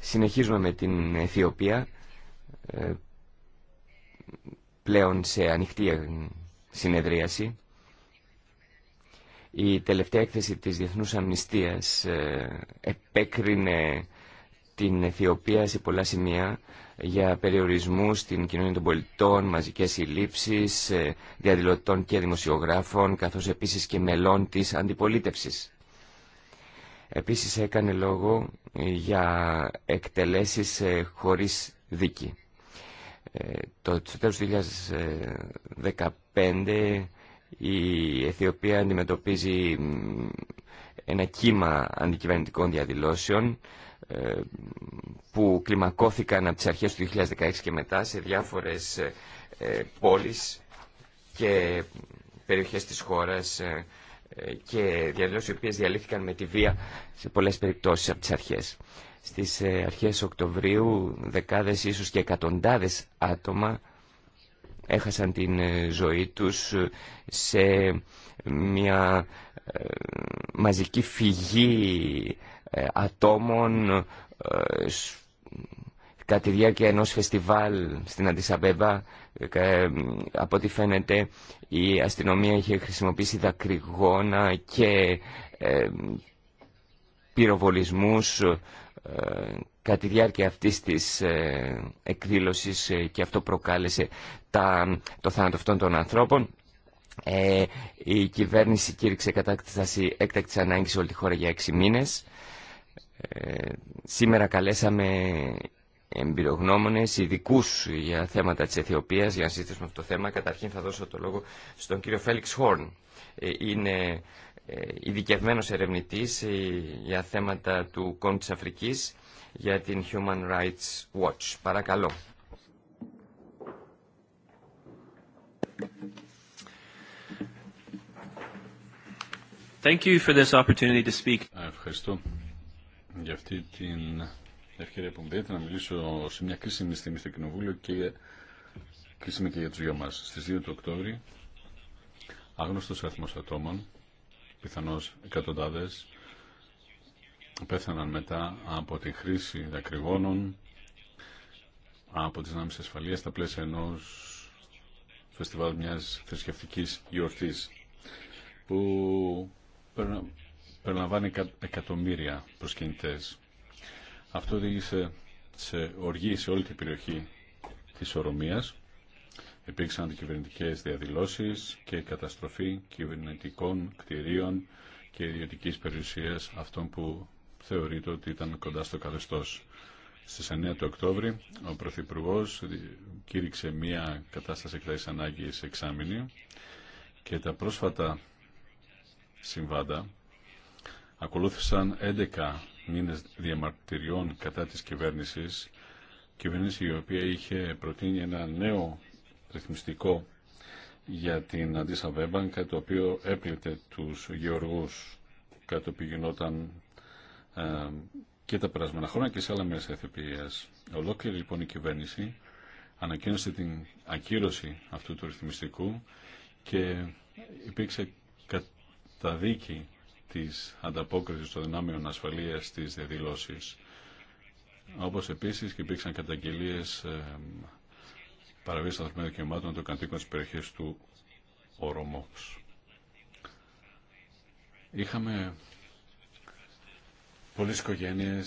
Συνεχίζουμε με την Αιθιοπία ε, πλέον σε ανοιχτή συνεδρίαση. Η τελευταία έκθεση της Διεθνούς Αμνηστίας ε, επέκρινε την Αιθιοπία σε πολλά σημεία για περιορισμού στην κοινωνία των πολιτών, μαζικές συλλήψεις, ε, διαδηλωτών και δημοσιογράφων, καθώς επίσης και μελών της αντιπολίτευσης. Επίσης έκανε λόγο ε, για εκτελέσεις ε, χωρίς δίκη. Το τέλος του 2015 η Αιθιοπία αντιμετωπίζει ένα κύμα αντικυβερνητικών διαδηλώσεων ε, που κλιμακώθηκαν από τις αρχές του 2016 και μετά σε διάφορες ε, ε, πόλεις και περιοχές της χώρας και διαδηλώσεις οι οποίες διαλύθηκαν με τη βία σε πολλές περιπτώσεις από τις αρχές. Στις αρχές Οκτωβρίου δεκάδες ίσως και εκατοντάδες άτομα έχασαν την ζωή τους σε μια μαζική φυγή ε, ατόμων ε, κατά τη διάρκεια ενός φεστιβάλ στην Αντισαμπέμπα ε, από ό,τι φαίνεται η αστυνομία είχε χρησιμοποιήσει δακρυγόνα και πυροβολισμούς κατά τη διάρκεια αυτής της εκδήλωσης και αυτό προκάλεσε τα, το θάνατο αυτών των ανθρώπων. η κυβέρνηση κήρυξε κατάκτηση έκτακτης ανάγκης όλη τη χώρα για έξι μήνες σήμερα καλέσαμε εμπειρογνώμονες, ειδικού για θέματα της Αιθιοπίας, για να συζητήσουμε αυτό το θέμα. Καταρχήν θα δώσω το λόγο στον κύριο Φέλιξ Χόρν. Ε, είναι ε, ειδικευμένο ερευνητής ε, για θέματα του ΚΟΝ της Αφρικής για την Human Rights Watch. Παρακαλώ. Thank you for this opportunity to speak. Ευχαριστώ για αυτή την ευκαιρία που μου δίνετε να μιλήσω σε μια κρίσιμη στιγμή στο Κοινοβούλιο και κρίσιμη και για τους δυο μας. Στις 2 του Οκτώβρη, άγνωστος αριθμός ατόμων, πιθανώς εκατοντάδες, πέθαναν μετά από τη χρήση δακρυγόνων, από τις δυνάμεις ασφαλείας στα πλαίσια ενός φεστιβάλ μιας θρησκευτικής γιορτής που περιλαμβάνει εκατομμύρια προσκυνητές. Αυτό οδήγησε σε οργή σε όλη την περιοχή της Ορομίας. Υπήρξαν αντικυβερνητικές διαδηλώσεις και καταστροφή κυβερνητικών κτηρίων και ιδιωτική περιουσίας αυτών που θεωρείται ότι ήταν κοντά στο καθεστώς. Στις 9 του Οκτώβρη ο Πρωθυπουργό κήρυξε μια κατάσταση εκτάσεις ανάγκης εξάμεινη και τα πρόσφατα συμβάντα Ακολούθησαν 11 μήνες διαμαρτυριών κατά της κυβέρνησης, κυβέρνηση η οποία είχε προτείνει ένα νέο ρυθμιστικό για την Αντίσα Βέμπαν, κάτι το οποίο έπλητε τους γεωργούς, κάτι το οποίο γινόταν ε, και τα περασμένα χρόνια και σε άλλα μέσα εθεπιείας. Ολόκληρη λοιπόν η κυβέρνηση ανακοίνωσε την ακύρωση αυτού του ρυθμιστικού και υπήρξε δίκη της ανταπόκρισης των δυνάμεων ασφαλείας στις διαδηλώσεις. Όπως επίσης και υπήρξαν καταγγελίες ε, παραβίαση των ανθρωπίνων δικαιωμάτων των κατοίκων της περιοχής του Ορομόξ. Είχαμε πολλές οικογένειε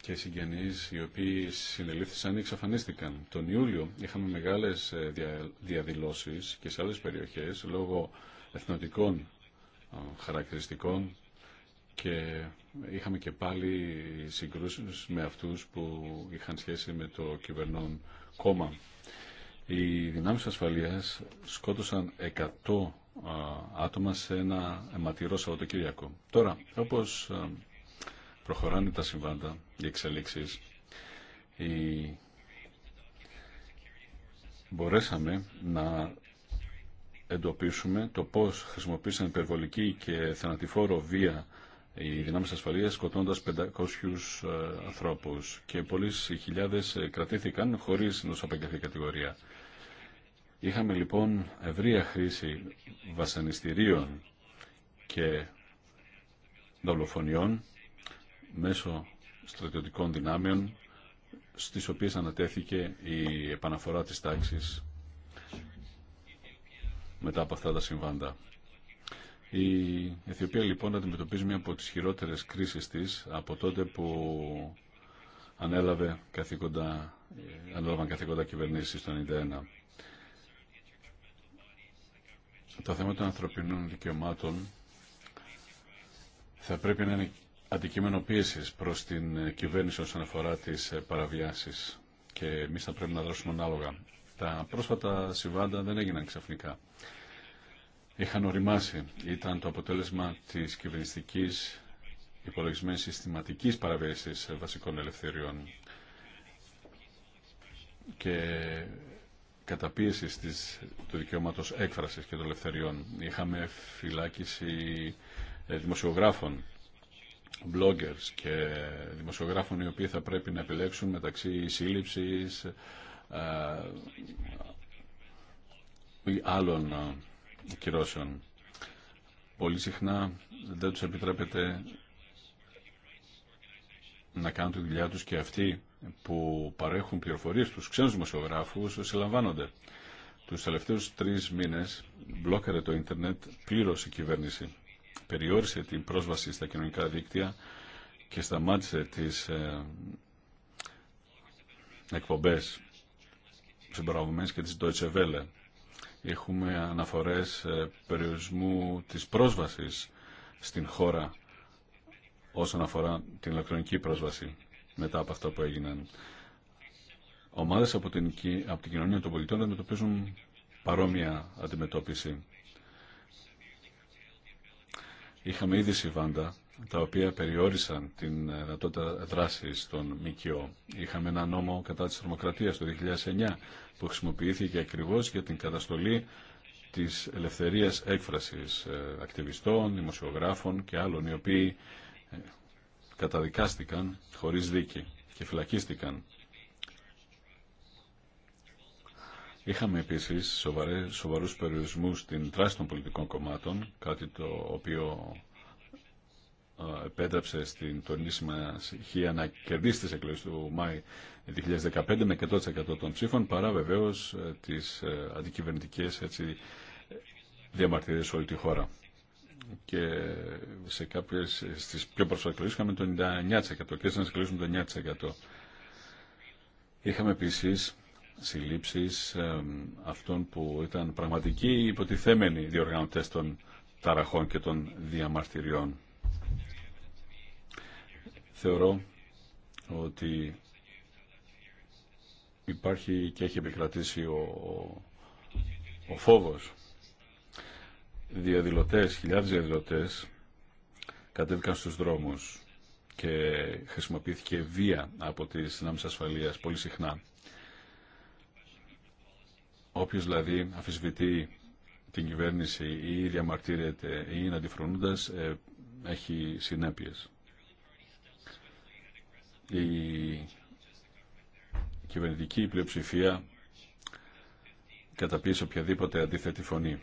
και συγγενείς οι οποίοι συνελήφθησαν ή εξαφανίστηκαν. Τον Ιούλιο είχαμε μεγάλες ε, διαδηλώσεις και σε άλλες περιοχές λόγω εθνοτικών χαρακτηριστικών και είχαμε και πάλι συγκρούσεις με αυτούς που είχαν σχέση με το κυβερνών κόμμα. Οι δυνάμεις ασφαλείας σκότωσαν 100 άτομα σε ένα αιματηρό Σαββατοκύριακο. Τώρα, όπως προχωράνε τα συμβάντα, οι εξελίξεις, οι... μπορέσαμε να εντοπίσουμε το πώς χρησιμοποίησαν υπερβολική και θανατηφόρο βία οι δυνάμεις ασφαλείας σκοτώντα 500 ε, ανθρώπους και πολλοί χιλιάδες ε, κρατήθηκαν χωρίς να κατηγορία. Είχαμε λοιπόν ευρεία χρήση βασανιστήριων και δολοφονιών μέσω στρατιωτικών δυνάμεων στις οποίες ανατέθηκε η επαναφορά της τάξης μετά από αυτά τα συμβάντα. Η Αιθιοπία λοιπόν αντιμετωπίζει μία από τις χειρότερες κρίσεις της από τότε που ανέλαβε καθήκοντα, ανέλαβαν καθήκοντα κυβερνήσεις το 1991. Το θέμα των ανθρωπινών δικαιωμάτων θα πρέπει να είναι αντικείμενο πίεση προς την κυβέρνηση όσον αφορά τις παραβιάσεις και εμεί θα πρέπει να δώσουμε ανάλογα. Τα πρόσφατα συμβάντα δεν έγιναν ξαφνικά. Είχαν οριμάσει. Ήταν το αποτέλεσμα της κυβερνητικής υπολογισμένης συστηματικής παραβίασης βασικών ελευθεριών και καταπίεσης της, του δικαιώματος έκφρασης και των ελευθεριών. Είχαμε φυλάκιση ε, δημοσιογράφων, bloggers και δημοσιογράφων οι οποίοι θα πρέπει να επιλέξουν μεταξύ σύλληψη. Ε, ή άλλων ε, κυρώσεων. Πολύ συχνά δεν τους επιτρέπεται να κάνουν τη δουλειά τους και αυτοί που παρέχουν πληροφορίες στους ξένους δημοσιογράφους συλλαμβάνονται. Τους τελευταίους τρεις μήνες μπλόκαρε το ίντερνετ πλήρως η κυβέρνηση. Περιόρισε την πρόσβαση στα κοινωνικά δίκτυα και σταμάτησε τις ε, εκπομπές συμπαραβομένης και της Deutsche Welle. Έχουμε αναφορές ε, περιορισμού της πρόσβασης στην χώρα όσον αφορά την ηλεκτρονική πρόσβαση μετά από αυτό που έγιναν. Ομάδες από την, από την κοινωνία των πολιτών αντιμετωπίζουν παρόμοια αντιμετώπιση. Είχαμε ήδη συμβάντα τα οποία περιόρισαν την δυνατότητα δράση των ΜΚΟ. Είχαμε ένα νόμο κατά της θερμοκρατία το 2009 που χρησιμοποιήθηκε ακριβώς για την καταστολή της ελευθερίας έκφρασης ε, ακτιβιστών, δημοσιογράφων και άλλων οι οποίοι ε, καταδικάστηκαν χωρίς δίκη και φυλακίστηκαν. Είχαμε επίσης σοβαρού σοβαρούς περιορισμούς στην δράση των πολιτικών κομμάτων, κάτι το οποίο ε, επέτρεψε στην τονίση συμμαχία να κερδίσει τις εκλογές του Μάη 2015 με 100% των ψήφων παρά βεβαίως ε, τις ε, αντικυβερνητικές έτσι, διαμαρτυρίες σε όλη τη χώρα. Και σε κάποιες, στις πιο εκλογές είχαμε το 99% και στις να με το 9%. Είχαμε επίσης συλλήψεις αυτών που ήταν πραγματικοί υποτιθέμενοι διοργανωτές των ταραχών και των διαμαρτυριών θεωρώ ότι υπάρχει και έχει επικρατήσει ο, ο φόβος. Διαδηλωτές, χιλιάδες διαδηλωτές κατέβηκαν στους δρόμους και χρησιμοποιήθηκε βία από τις δυνάμεις ασφαλείας πολύ συχνά. Όποιος δηλαδή αφισβητεί την κυβέρνηση ή διαμαρτύρεται ή είναι αντιφρονούντας ε, έχει συνέπειες η κυβερνητική πλειοψηφία καταπίεσε οποιαδήποτε αντίθετη φωνή.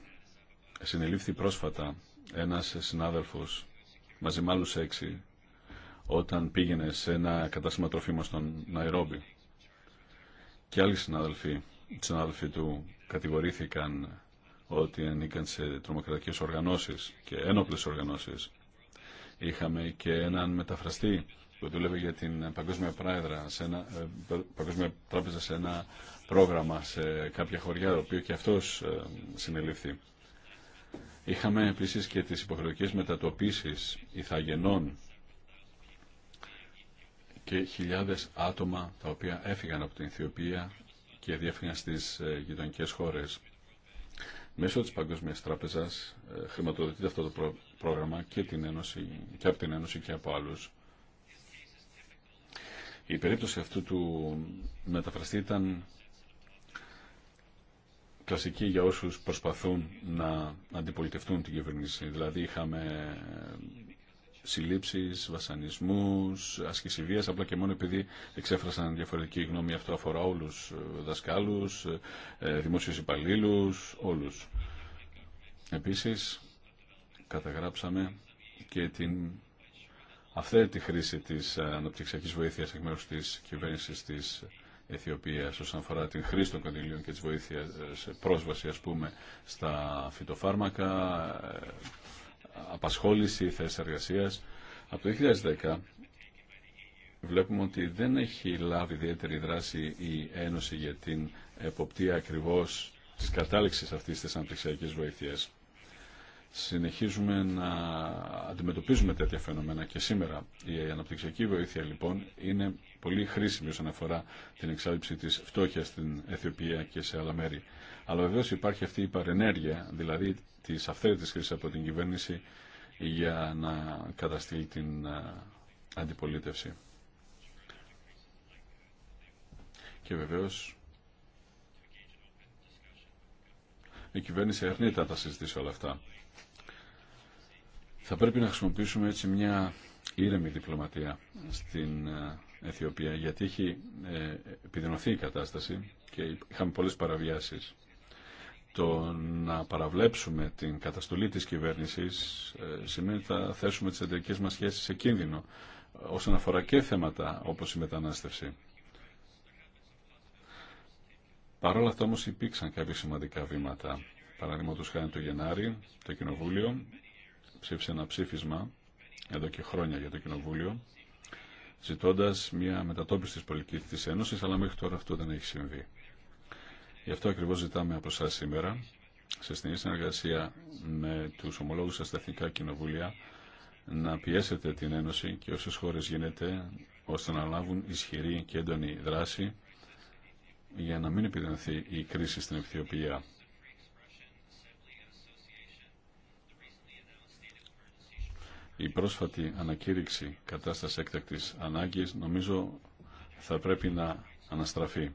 Συνελήφθη πρόσφατα ένας συνάδελφος μαζί με άλλους έξι όταν πήγαινε σε ένα κατάστημα τροφίμων στον Ναϊρόμπι και άλλοι συνάδελφοι, συνάδελφοι του κατηγορήθηκαν ότι ανήκαν σε τρομοκρατικές οργανώσεις και ένοπλες οργανώσεις. Είχαμε και έναν μεταφραστή που δούλευε για την Παγκόσμια, Πράεδρα, σε ένα, ε, Παγκόσμια Τράπεζα σε ένα πρόγραμμα σε κάποια χωριά, το οποίο και αυτός ε, συνελήφθη. Είχαμε επίσης και τις υποχρεωτικές μετατοπίσεις ηθαγενών και χιλιάδες άτομα τα οποία έφυγαν από την Αιθιοπία και διέφυγαν στις ε, γειτονικές χώρες. Μέσω της Παγκόσμιας Τράπεζας χρηματοδοτείται αυτό το πρόγραμμα και, την Ένωση, και από την Ένωση και από άλλους η περίπτωση αυτού του μεταφραστή ήταν κλασική για όσους προσπαθούν να αντιπολιτευτούν την κυβέρνηση. Δηλαδή είχαμε συλλήψεις, βασανισμούς, άσκηση βίας, απλά και μόνο επειδή εξέφρασαν διαφορετική γνώμη. Αυτό αφορά όλους δασκάλους, ε, δημόσιους υπαλλήλους, όλους. Επίσης, καταγράψαμε και την τη χρήση της ε, αναπτυξιακή βοήθειας εκ μέρου τη κυβέρνηση της Αιθιοπίας όσον αφορά την χρήση των κονδυλίων και τη βοήθειας ε, σε πρόσβαση ας πούμε στα φυτοφάρμακα, ε, απασχόληση, θέσει εργασία. Από το 2010 βλέπουμε ότι δεν έχει λάβει ιδιαίτερη δράση η Ένωση για την εποπτεία ακριβώς της κατάληξης αυτής της αναπτυξιακής βοήθειας συνεχίζουμε να αντιμετωπίζουμε τέτοια φαινομένα και σήμερα. Η αναπτυξιακή βοήθεια λοιπόν είναι πολύ χρήσιμη όσον αφορά την εξάλληψη της φτώχειας στην Αιθιοπία και σε άλλα μέρη. Αλλά βεβαίω υπάρχει αυτή η παρενέργεια, δηλαδή τη αυθαίρετης χρήση από την κυβέρνηση για να καταστήλει την ε, αντιπολίτευση. Και βεβαίως η κυβέρνηση αρνείται να τα συζητήσει όλα αυτά. Θα πρέπει να χρησιμοποιήσουμε έτσι μια ήρεμη διπλωματία στην ε, Αιθιοπία γιατί έχει ε, επιδεινωθεί η κατάσταση και είχαμε πολλές παραβιάσεις. Το να παραβλέψουμε την καταστολή της κυβέρνησης ε, σημαίνει ότι θα θέσουμε τις εταιρικές μας σχέσεις σε κίνδυνο όσον αφορά και θέματα όπως η μετανάστευση. Παρ' όλα αυτά όμως υπήρξαν κάποια σημαντικά βήματα. Παραδείγματο χάνει το Γενάρη, το Κοινοβούλιο ψήφισε ένα ψήφισμα εδώ και χρόνια για το Κοινοβούλιο ζητώντα μια μετατόπιση τη πολιτική τη Ένωση, αλλά μέχρι τώρα αυτό δεν έχει συμβεί. Γι' αυτό ακριβώ ζητάμε από εσά σήμερα, σε στενή συνεργασία με του ομολόγου σα στα Εθνικά Κοινοβούλια, να πιέσετε την Ένωση και όσε χώρες γίνεται, ώστε να λάβουν ισχυρή και έντονη δράση για να μην επιδενθεί η κρίση στην Ευθυοπία. Η πρόσφατη ανακήρυξη κατάσταση έκτακτης ανάγκης νομίζω θα πρέπει να αναστραφεί.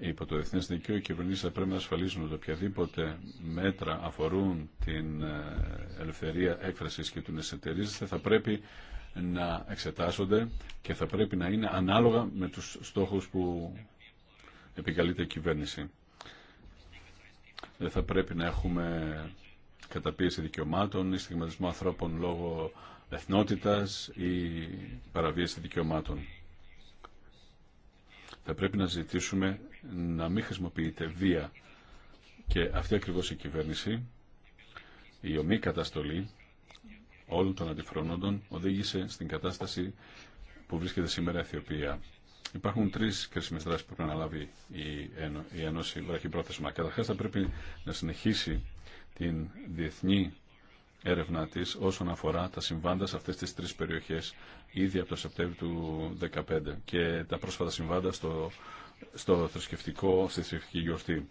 Υπό το Εθνές Δικαίο οι κυβερνήσεις θα πρέπει να ασφαλίζουν ότι οποιαδήποτε μέτρα αφορούν την ε, ελευθερία έκφρασης και του εσωτερίζεσθε θα πρέπει να εξετάσονται και θα πρέπει να είναι ανάλογα με τους στόχους που επικαλείται η κυβέρνηση. Δεν θα πρέπει να έχουμε καταπίεση δικαιωμάτων ή στιγματισμό ανθρώπων λόγω εθνότητας ή παραβίαση δικαιωμάτων. Θα πρέπει να ζητήσουμε να μην χρησιμοποιείται βία και αυτή ακριβώς η κυβέρνηση, η ομή καταστολή όλων των αντιφρονόντων οδήγησε στην κατάσταση που βρίσκεται σήμερα η Αιθιοπία. Υπάρχουν τρει κρίσιμε δράσει που πρέπει να λάβει η Ένωση βραχυπρόθεσμα. Καταρχά, θα πρέπει να συνεχίσει την διεθνή έρευνά τη όσον αφορά τα συμβάντα σε αυτές τις τρεις περιοχές ήδη από το Σεπτέμβριο του 2015 και τα πρόσφατα συμβάντα στο, στο θρησκευτικό, στη θρησκευτική γιορτή.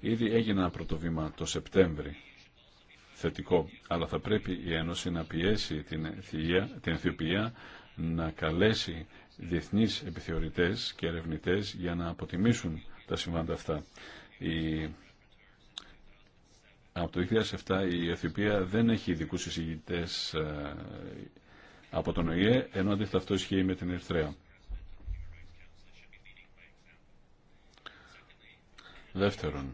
Ήδη έγινε ένα πρωτοβήμα το Σεπτέμβριο θετικό, αλλά θα πρέπει η Ένωση να πιέσει την, Αιθιοπία, την να καλέσει διεθνείς επιθεωρητές και ερευνητές για να αποτιμήσουν τα συμβάντα αυτά. Η από το 2007 η Αιθιοπία δεν έχει ειδικού εισηγητέ ε, από τον ΟΗΕ, ενώ αντίθετα αυτό ισχύει με την Ερυθρέα. Δεύτερον,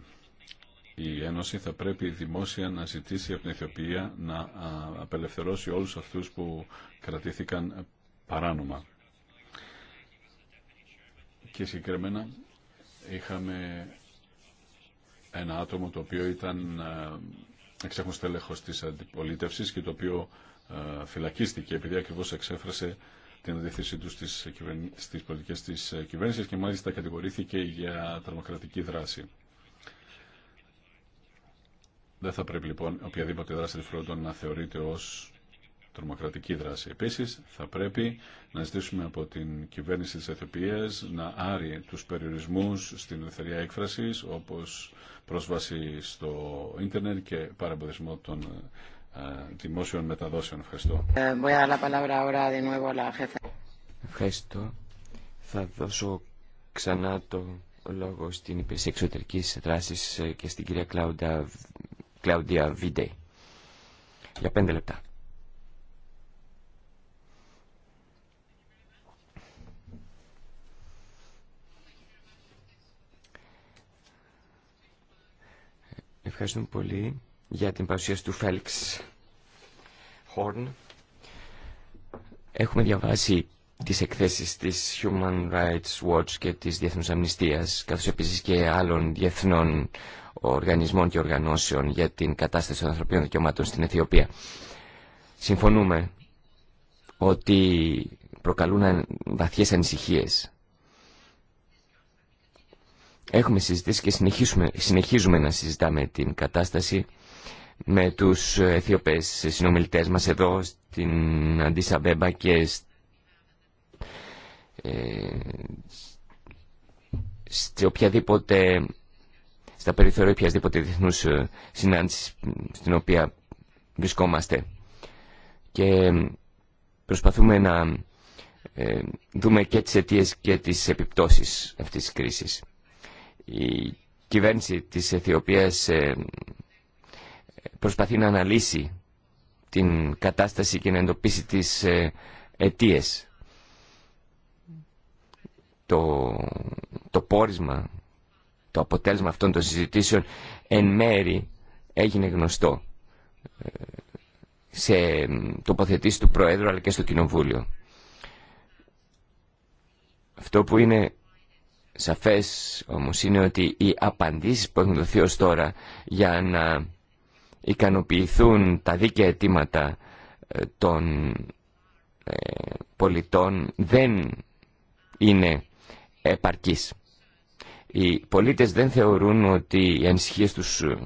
η Ένωση θα πρέπει δημόσια να ζητήσει από την Αιθιοπία να απελευθερώσει όλους αυτούς που κρατήθηκαν παράνομα. Και συγκεκριμένα είχαμε ένα άτομο το οποίο ήταν ε, εξέχον στέλεχος της αντιπολίτευσης και το οποίο ε, φυλακίστηκε επειδή ακριβώς εξέφρασε την αντίθεσή του στις, στις πολιτικές της κυβέρνησης και μάλιστα κατηγορήθηκε για τρομοκρατική δράση. Δεν θα πρέπει λοιπόν οποιαδήποτε δράση της Φρόντων να θεωρείται ως τρομοκρατική δράση. Επίσης, θα πρέπει να ζητήσουμε από την κυβέρνηση της Αιθιοπίας να άρει τους περιορισμούς στην ελευθερία έκφρασης, όπως πρόσβαση στο ίντερνετ και παραμποδισμό των ε, δημόσιων μεταδόσεων. Ευχαριστώ. Ευχαριστώ. Θα δώσω ξανά το λόγο στην υπηρεσία εξωτερική δράση ε, και στην κυρία Κλάουντα, Κλάουντια Βίντε. Για πέντε λεπτά. Ευχαριστούμε πολύ για την παρουσίαση του Φέλξ Χόρν. Έχουμε διαβάσει τις εκθέσεις της Human Rights Watch και της Διεθνούς Αμνηστίας, καθώς επίσης και άλλων διεθνών οργανισμών και οργανώσεων για την κατάσταση των ανθρωπίνων δικαιωμάτων στην Αιθιοπία. Συμφωνούμε ότι προκαλούν βαθιές ανησυχίες Έχουμε συζητήσει και συνεχίζουμε, συνεχίζουμε να συζητάμε την κατάσταση με τους Αιθιοπές συνομιλητές μας εδώ στην Αντισαβέμπα και ε, οποιαδήποτε στα περιθώρια οποιασδήποτε διεθνούς ε, συνάντησης στην οποία βρισκόμαστε και ε, προσπαθούμε να δούμε και τις αιτίες και τις επιπτώσεις αυτής της κρίσης. Η κυβέρνηση της Αιθιοπίας ε, προσπαθεί να αναλύσει την κατάσταση και να εντοπίσει τις ε, αιτίες. Το, το πόρισμα, το αποτέλεσμα αυτών των συζητήσεων εν μέρη έγινε γνωστό ε, σε τοποθετήσει του Προέδρου αλλά και στο Κοινοβούλιο. Αυτό που είναι Σαφές όμως είναι ότι οι απαντήσεις που έχουν δοθεί ως τώρα για να ικανοποιηθούν τα δίκαια αιτήματα ε, των ε, πολιτών δεν είναι επαρκής. Οι πολίτες δεν θεωρούν ότι οι ανησυχίες τους ε,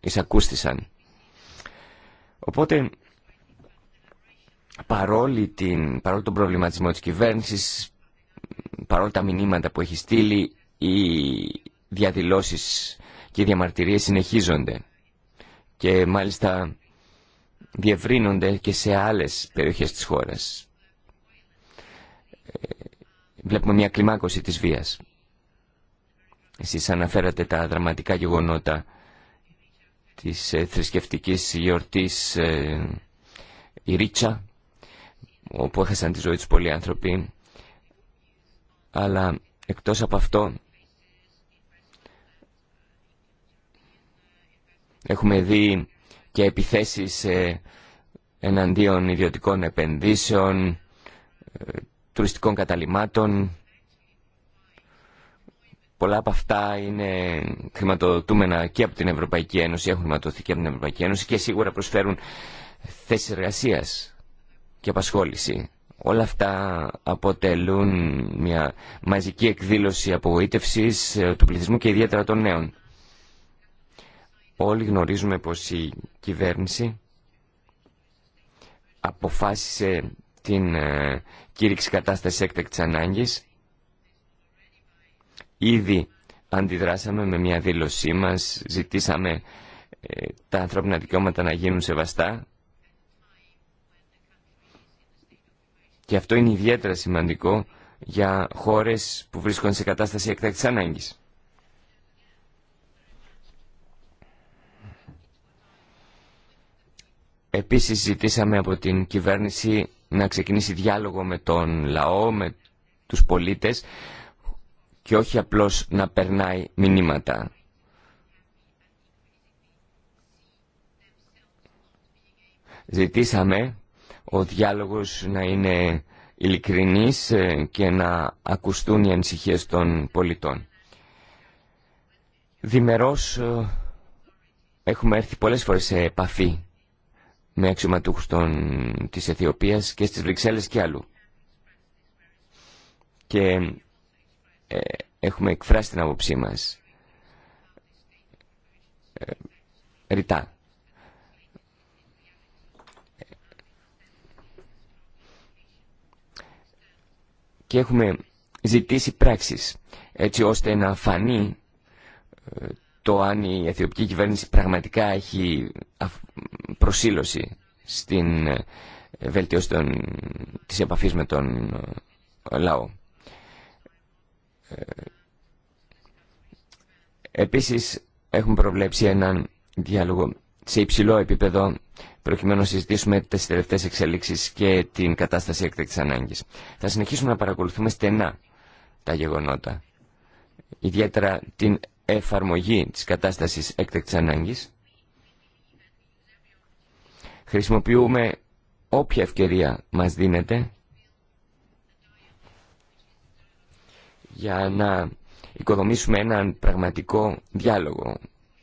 εισακούστησαν. Οπότε, παρόλη την, παρόλο τον προβληματισμό της κυβέρνησης, παρόλα τα μηνύματα που έχει στείλει οι διαδηλώσεις και οι διαμαρτυρίες συνεχίζονται και μάλιστα διευρύνονται και σε άλλες περιοχές της χώρας. Ε, βλέπουμε μια κλιμάκωση της βίας. Εσείς αναφέρατε τα δραματικά γεγονότα της ε, θρησκευτικής γιορτής ε, η Ρίτσα, όπου έχασαν τη ζωή τους πολλοί άνθρωποι αλλά εκτός από αυτό έχουμε δει και επιθέσεις ε, εναντίον ιδιωτικών επενδύσεων, ε, τουριστικών καταλημάτων. Πολλά από αυτά είναι χρηματοδοτούμενα και από την Ευρωπαϊκή Ένωση, έχουν χρηματοδοθεί και από την Ευρωπαϊκή Ένωση και σίγουρα προσφέρουν θέσεις εργασίας και απασχόληση. Όλα αυτά αποτελούν μια μαζική εκδήλωση απογοήτευσης ε, του πληθυσμού και ιδιαίτερα των νέων. Όλοι γνωρίζουμε πως η κυβέρνηση αποφάσισε την ε, κήρυξη κατάσταση έκτακτης ανάγκης. Ήδη αντιδράσαμε με μια δήλωσή μας, ζητήσαμε ε, τα ανθρώπινα δικαιώματα να γίνουν σεβαστά Και αυτό είναι ιδιαίτερα σημαντικό για χώρες που βρίσκονται σε κατάσταση εκτάκτης ανάγκης. Επίσης ζητήσαμε από την κυβέρνηση να ξεκινήσει διάλογο με τον λαό, με τους πολίτες και όχι απλώς να περνάει μηνύματα. Ζητήσαμε ο διάλογος να είναι ειλικρινής ε, και να ακουστούν οι ανησυχίε των πολιτών. Δημερός ε, έχουμε έρθει πολλές φορές σε επαφή με αξιωματούχους των, της Αιθιοπίας και στις Βρυξέλλες και αλλού. Και ε, έχουμε εκφράσει την άποψή μας. Ε, ρητά. και έχουμε ζητήσει πράξεις έτσι ώστε να φανεί ε, το αν η αιθιοπική κυβέρνηση πραγματικά έχει προσήλωση στην ε, βελτίωση των, της επαφής με τον ε, λαό. Επίσης έχουμε προβλέψει έναν διάλογο σε υψηλό επίπεδο προκειμένου να συζητήσουμε τις τελευταίες εξελίξεις και την κατάσταση έκτακτης ανάγκης. Θα συνεχίσουμε να παρακολουθούμε στενά τα γεγονότα, ιδιαίτερα την εφαρμογή της κατάστασης έκτακτης ανάγκης. Χρησιμοποιούμε όποια ευκαιρία μας δίνεται για να οικοδομήσουμε έναν πραγματικό διάλογο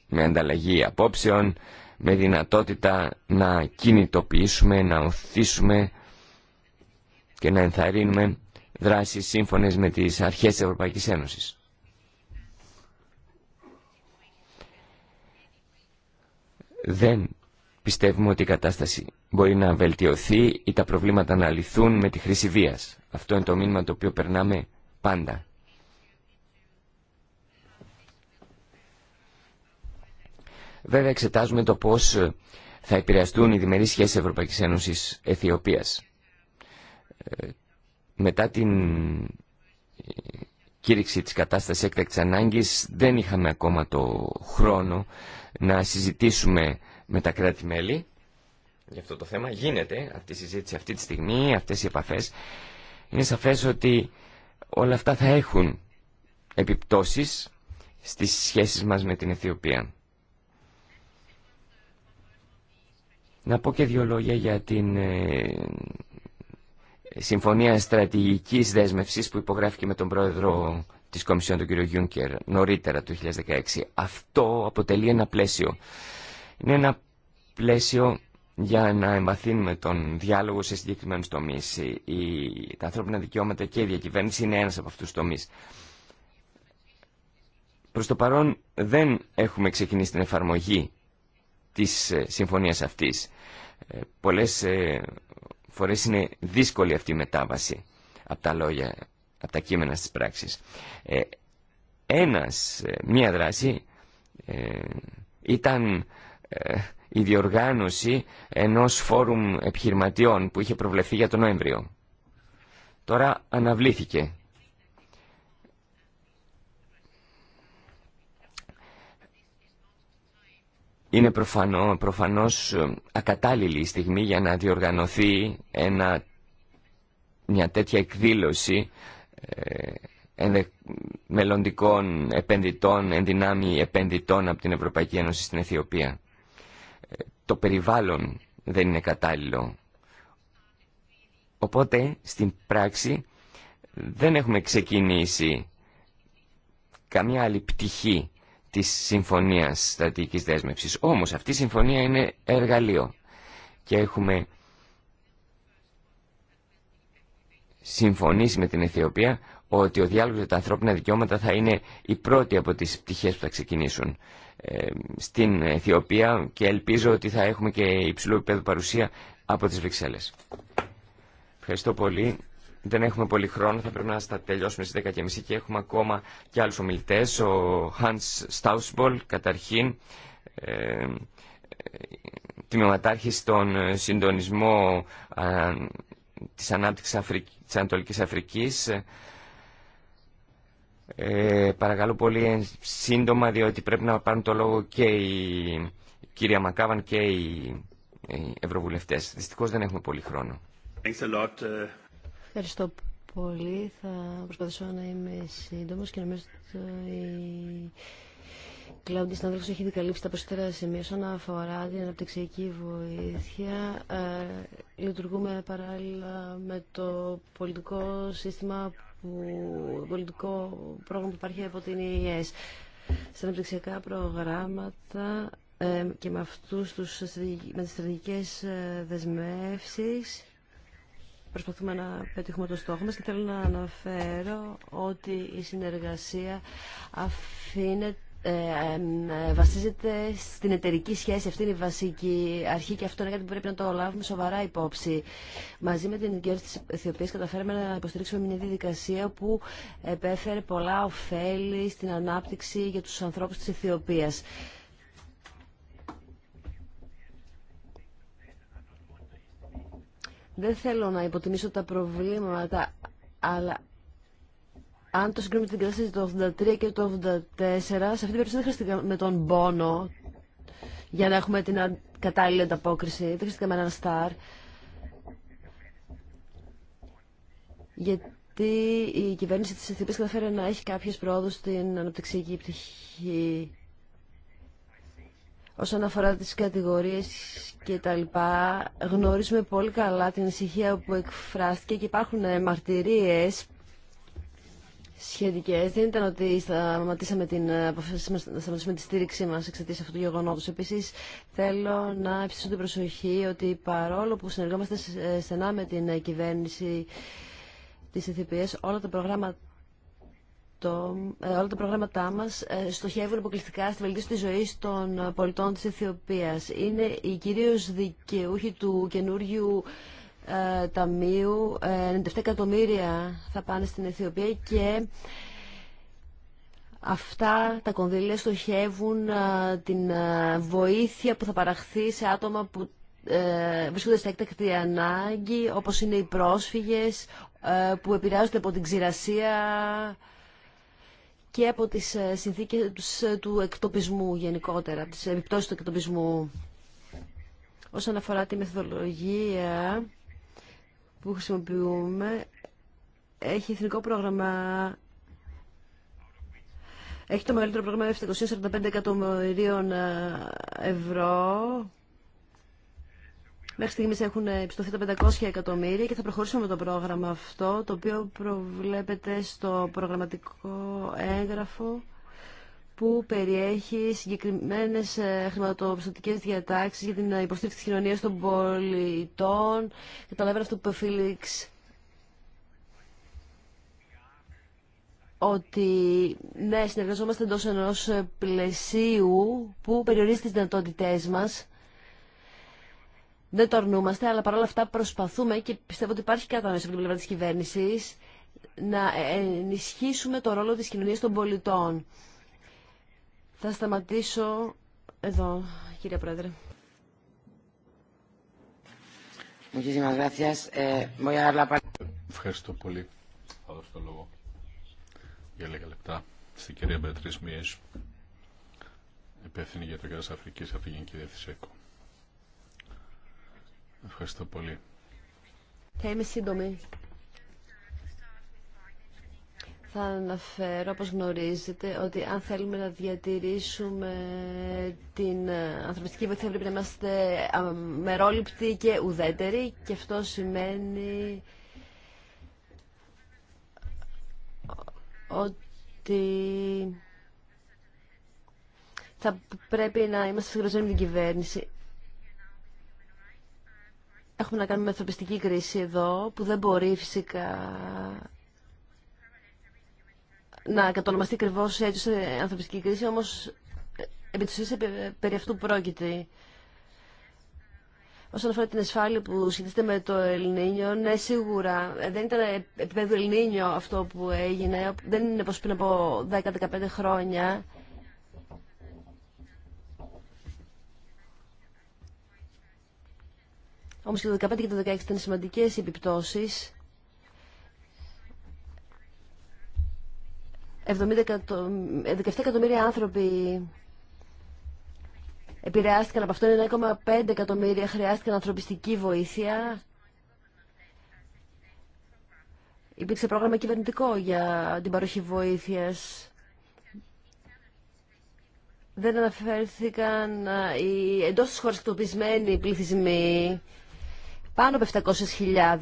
με ανταλλαγή απόψεων, με δυνατότητα να κινητοποιήσουμε, να οθήσουμε και να ενθαρρύνουμε δράσεις σύμφωνες με τις αρχές της Ευρωπαϊκής Ένωσης. Δεν πιστεύουμε ότι η κατάσταση μπορεί να βελτιωθεί ή τα προβλήματα να λυθούν με τη χρήση βίας. Αυτό είναι το μήνυμα το οποίο περνάμε πάντα. Βέβαια εξετάζουμε το πώς θα επηρεαστούν οι διμερείς σχέσεις Ευρωπαϊκής Ένωσης Αιθιοπίας. Ε, μετά την κήρυξη της κατάστασης έκτακτης ανάγκης δεν είχαμε ακόμα το χρόνο να συζητήσουμε με τα κράτη-μέλη για αυτό το θέμα. Γίνεται αυτή η συζήτηση αυτή τη στιγμή, αυτές οι επαφές. Είναι σαφές ότι όλα αυτά θα έχουν επιπτώσεις στις σχέσεις μας με την Αιθιοπία. Να πω και δύο λόγια για την ε, συμφωνία στρατηγικής δέσμευσης που υπογράφηκε με τον πρόεδρο της Κομισιόν, τον κύριο Γιούνκερ, νωρίτερα το 2016. Αυτό αποτελεί ένα πλαίσιο. Είναι ένα πλαίσιο για να εμβαθύνουμε τον διάλογο σε συγκεκριμένου τομεί. Τα ανθρώπινα δικαιώματα και η διακυβέρνηση είναι ένας από αυτούς του τομεί. Προ το παρόν δεν έχουμε ξεκινήσει την εφαρμογή της ε, συμφωνίας αυτής. Ε, πολλές ε, φορές είναι δύσκολη αυτή η μετάβαση από τα λόγια, από τα κείμενα στις πράξεις. Ένας, μία δράση ήταν η διοργάνωση ενός φόρουμ επιχειρηματιών που είχε προβλεφθεί για τον Νοέμβριο. Τώρα αναβλήθηκε Είναι προφανώ, προφανώς ε, ακατάλληλη η στιγμή για να διοργανωθεί ένα, μια τέτοια εκδήλωση ε, μελλοντικών επενδυτών, ενδυνάμει επενδυτών από την Ευρωπαϊκή Ένωση στην Αιθιοπία. Ε, το περιβάλλον δεν είναι κατάλληλο. Οπότε στην πράξη δεν έχουμε ξεκινήσει καμία άλλη πτυχή της συμφωνίας στρατηγικής δέσμευσης. Όμως αυτή η συμφωνία είναι εργαλείο και έχουμε συμφωνήσει με την Αιθιοπία ότι ο διάλογος για τα ανθρώπινα δικαιώματα θα είναι η πρώτη από τις πτυχές που θα ξεκινήσουν ε, στην Αιθιοπία και ελπίζω ότι θα έχουμε και υψηλό επίπεδο παρουσία από τις Βρυξέλλες. Ευχαριστώ πολύ δεν έχουμε πολύ χρόνο, θα πρέπει να στα τελειώσουμε στις 10.30 και έχουμε ακόμα και άλλους ομιλητές. Ο Hans Stausbol, καταρχήν, ε, τμήματάρχης στον συντονισμό ε, της ανάπτυξης Αφρική, της Ανατολικής Αφρικής. Ε, παρακαλώ πολύ σύντομα, διότι πρέπει να πάρουν το λόγο και η κυρία Μακάβαν και οι, ευρωβουλευτές. Δυστυχώς δεν έχουμε πολύ χρόνο. Ευχαριστώ πολύ. Θα προσπαθήσω να είμαι σύντομο και νομίζω ότι η Κλάουντι Συνάδελφο έχει δικαλύψει τα περισσότερα σημεία. Όσον αφορά την αναπτυξιακή βοήθεια, ε, λειτουργούμε παράλληλα με το πολιτικό σύστημα, που, το πολιτικό πρόγραμμα που υπάρχει από την ΕΕΣ. Στα αναπτυξιακά προγράμματα ε, και με, αυτούς τους, με τις στρατηγικές ε, δεσμεύσεις προσπαθούμε να πετύχουμε το στόχο μας και θέλω να αναφέρω ότι η συνεργασία αφήνεται ε, βασίζεται στην εταιρική σχέση. Αυτή είναι η βασική αρχή και αυτό είναι κάτι που πρέπει να το λάβουμε σοβαρά υπόψη. Μαζί με την κυρία της Αιθιοπία καταφέραμε να υποστηρίξουμε μια διαδικασία που επέφερε πολλά ωφέλη στην ανάπτυξη για τους ανθρώπους της Αιθιοπία. Δεν θέλω να υποτιμήσω τα προβλήματα, αλλά αν το συγκρίνουμε την κατάσταση του 83 και το 84, σε αυτή την περίπτωση δεν χρειαστήκαμε με τον πόνο για να έχουμε την κατάλληλη ανταπόκριση. Δεν χρειαστήκαμε έναν στάρ. Γιατί η κυβέρνηση της Αιθιοπίας καταφέρει να έχει κάποιες πρόοδους στην αναπτυξιακή πτυχή όσον αφορά τις κατηγορίες και τα λοιπά, γνωρίζουμε πολύ καλά την ησυχία που εκφράστηκε και υπάρχουν ε, μαρτυρίες σχετικές. Δεν ήταν ότι σταματήσαμε, την, ε, τη στήριξή μας εξαιτίας αυτού του γεγονότος. Επίσης, θέλω να επιστήσω την προσοχή ότι παρόλο που συνεργόμαστε ε, στενά με την κυβέρνηση της ΕΘΠΕΣ, όλα τα προγράμματα ε, όλα τα προγράμματά μας ε, στοχεύουν αποκλειστικά στη βελτίωση της ζωή των πολιτών της Αιθιοπίας. Είναι οι κυρίως δικαιούχοι του καινούριου ε, ταμείου. 97 ε, εκατομμύρια θα πάνε στην Αιθιοπία και αυτά τα κονδύλια στοχεύουν την βοήθεια που θα παραχθεί σε άτομα που βρίσκονται σε έκτακτη ανάγκη, όπως είναι οι πρόσφυγες που επηρεάζονται από την ξηρασία και από τις ε, συνθήκες ε, του εκτοπισμού γενικότερα, τις επιπτώσεις του εκτοπισμού. Όσον αφορά τη μεθοδολογία που χρησιμοποιούμε, έχει εθνικό πρόγραμμα έχει το μεγαλύτερο πρόγραμμα 745 εκατομμυρίων ε, ευρώ Μέχρι στιγμή έχουν επιστοθεί τα 500 εκατομμύρια και θα προχωρήσουμε με το πρόγραμμα αυτό, το οποίο προβλέπεται στο προγραμματικό έγγραφο που περιέχει συγκεκριμένε χρηματοπιστωτικέ διατάξει για την υποστήριξη τη κοινωνία των πολιτών. Καταλαβαίνω αυτό που είπε ο Φίλιξ. Ότι ναι, συνεργαζόμαστε εντό ενό πλαισίου που περιορίζει τι δυνατότητέ μα δεν το αρνούμαστε, αλλά παρόλα αυτά προσπαθούμε και πιστεύω ότι υπάρχει κατανόηση από την πλευρά τη κυβέρνηση να ε, ενισχύσουμε το ρόλο της κοινωνίας των πολιτών. Θα σταματήσω εδώ, κύριε Πρόεδρε. Ε, Ευχαριστώ πολύ. Θα δώσω το λόγο για λίγα λεπτά στην κυρία Μπέτρη Μιέσου, υπεύθυνη για το κράτο Αφρική από την Γενική Ευχαριστώ πολύ. Θα είμαι σύντομη. Θα αναφέρω, όπως γνωρίζετε, ότι αν θέλουμε να διατηρήσουμε την ανθρωπιστική βοήθεια πρέπει να είμαστε μερόληπτοι και ουδέτεροι και αυτό σημαίνει ότι θα πρέπει να είμαστε συγκροσμένοι με την κυβέρνηση. Έχουμε να κάνουμε με ανθρωπιστική κρίση εδώ, που δεν μπορεί φυσικά να κατονομαστεί ακριβώ έτσι σε ανθρωπιστική κρίση, όμω ε, επί τη ουσία περί αυτού πρόκειται. Όσον αφορά την ασφάλεια που σχετίζεται με το Ελληνίνιο, ναι, σίγουρα ε, δεν ήταν επίπεδο Ελληνίνιο αυτό που έγινε. Δεν είναι πω πριν από 10-15 χρόνια. Όμως και το 2015 και το 2016 ήταν σημαντικές επιπτώσεις. 17 ε, εκατομμύρια άνθρωποι επηρεάστηκαν από αυτό, 1,5 εκατομμύρια χρειάστηκαν ανθρωπιστική βοήθεια. Υπήρξε πρόγραμμα κυβερνητικό για την παροχή βοήθειας. Δεν αναφέρθηκαν ε, οι εντός της χώρας εκτοπισμένοι πληθυσμοί πάνω από 700.000